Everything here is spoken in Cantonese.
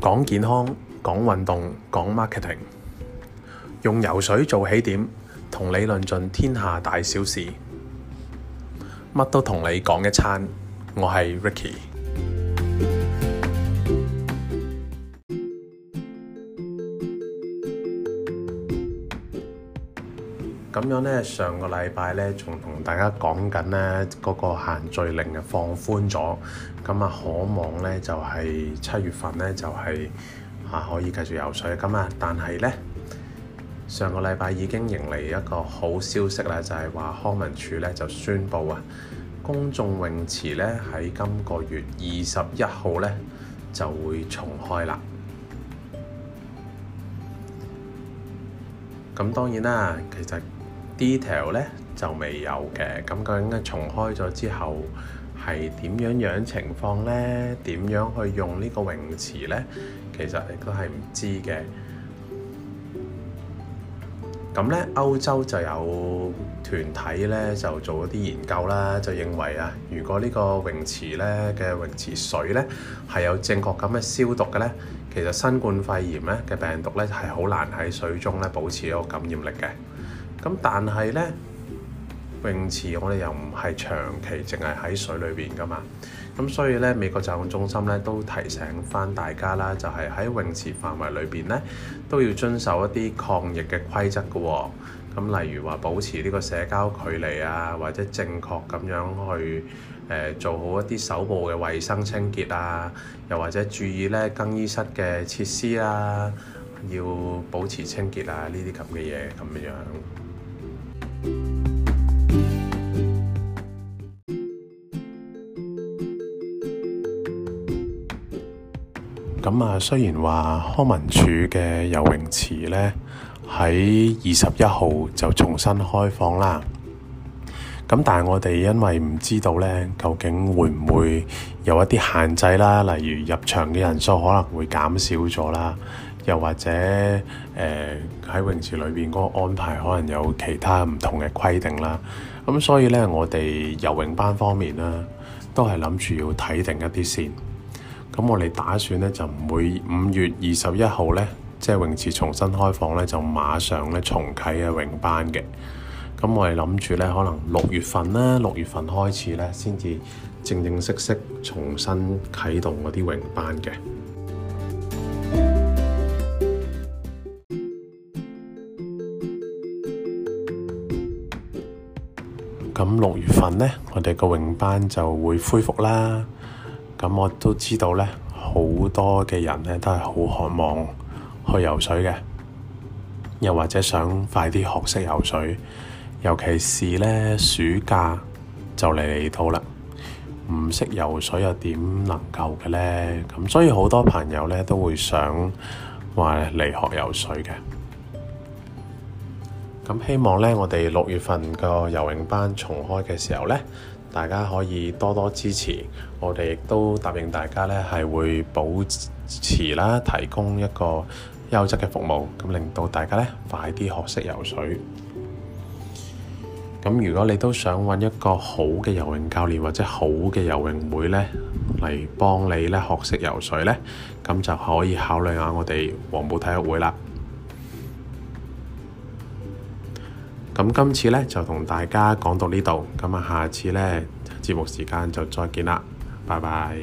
講健康，講運動，講 marketing，用游水做起點，同你論盡天下大小事，乜都同你講一餐，我係 Ricky。咁樣咧，上個禮拜咧，仲同大家講緊咧嗰個限聚令啊放寬咗，咁啊，可望咧就係七月份咧就係啊可以繼續游水。咁啊，但係咧上個禮拜已經迎嚟一個好消息啦，就係話康文署咧就宣布啊，公眾泳池咧喺今個月二十一號咧就會重開啦。咁當然啦，其實～detail 咧就未有嘅，咁究竟重開咗之後係點樣樣情況呢？點樣去用呢個泳池呢？其實亦都係唔知嘅。咁呢，歐洲就有團體咧就做咗啲研究啦，就認為啊，如果呢個泳池咧嘅泳池水咧係有正確咁嘅消毒嘅呢，其實新冠肺炎咧嘅病毒咧係好難喺水中咧保持一個感染力嘅。咁但係咧，泳池我哋又唔係長期淨係喺水裏邊㗎嘛，咁所以咧美國疾控中心咧都提醒返大家啦，就係、是、喺泳池範圍裏邊咧都要遵守一啲抗疫嘅規則嘅喎、哦。咁例如話保持呢個社交距離啊，或者正確咁樣去誒、呃、做好一啲手部嘅衞生清潔啊，又或者注意咧更衣室嘅設施啊，要保持清潔啊呢啲咁嘅嘢咁樣。咁啊，雖然話康文署嘅游泳池呢，喺二十一號就重新開放啦，咁但係我哋因為唔知道呢，究竟會唔會有一啲限制啦，例如入場嘅人數可能會減少咗啦，又或者呃，喺泳池裏邊嗰個安排可能有其他唔同嘅規定啦，咁所以呢，我哋游泳班方面咧都係諗住要睇定一啲先。咁我哋打算咧就每五月二十一號咧，即係泳池重新開放咧，就馬上咧重啟嘅泳班嘅。咁我哋諗住咧，可能六月份啦，六月份開始咧，先至正正式式重新啟動嗰啲泳班嘅。咁六月份咧，我哋個泳班就會恢復啦。咁我都知道呢，好多嘅人呢都係好渴望去游水嘅，又或者想快啲學識游水，尤其是呢，暑假就嚟嚟到啦，唔識游水又點能夠嘅呢？咁所以好多朋友呢都會想話嚟學游水嘅。咁希望呢，我哋六月份個游泳班重開嘅時候呢，大家可以多多支持，我哋亦都答應大家呢，係會保持啦，提供一個優質嘅服務，咁令到大家呢快啲學識游水。咁如果你都想揾一個好嘅游泳教練或者好嘅游泳會呢嚟幫你呢學識游水呢，咁就可以考慮下我哋黃埔體育會啦。咁今次呢就同大家講到呢度，咁啊，下次呢節目時間就再見啦，拜拜。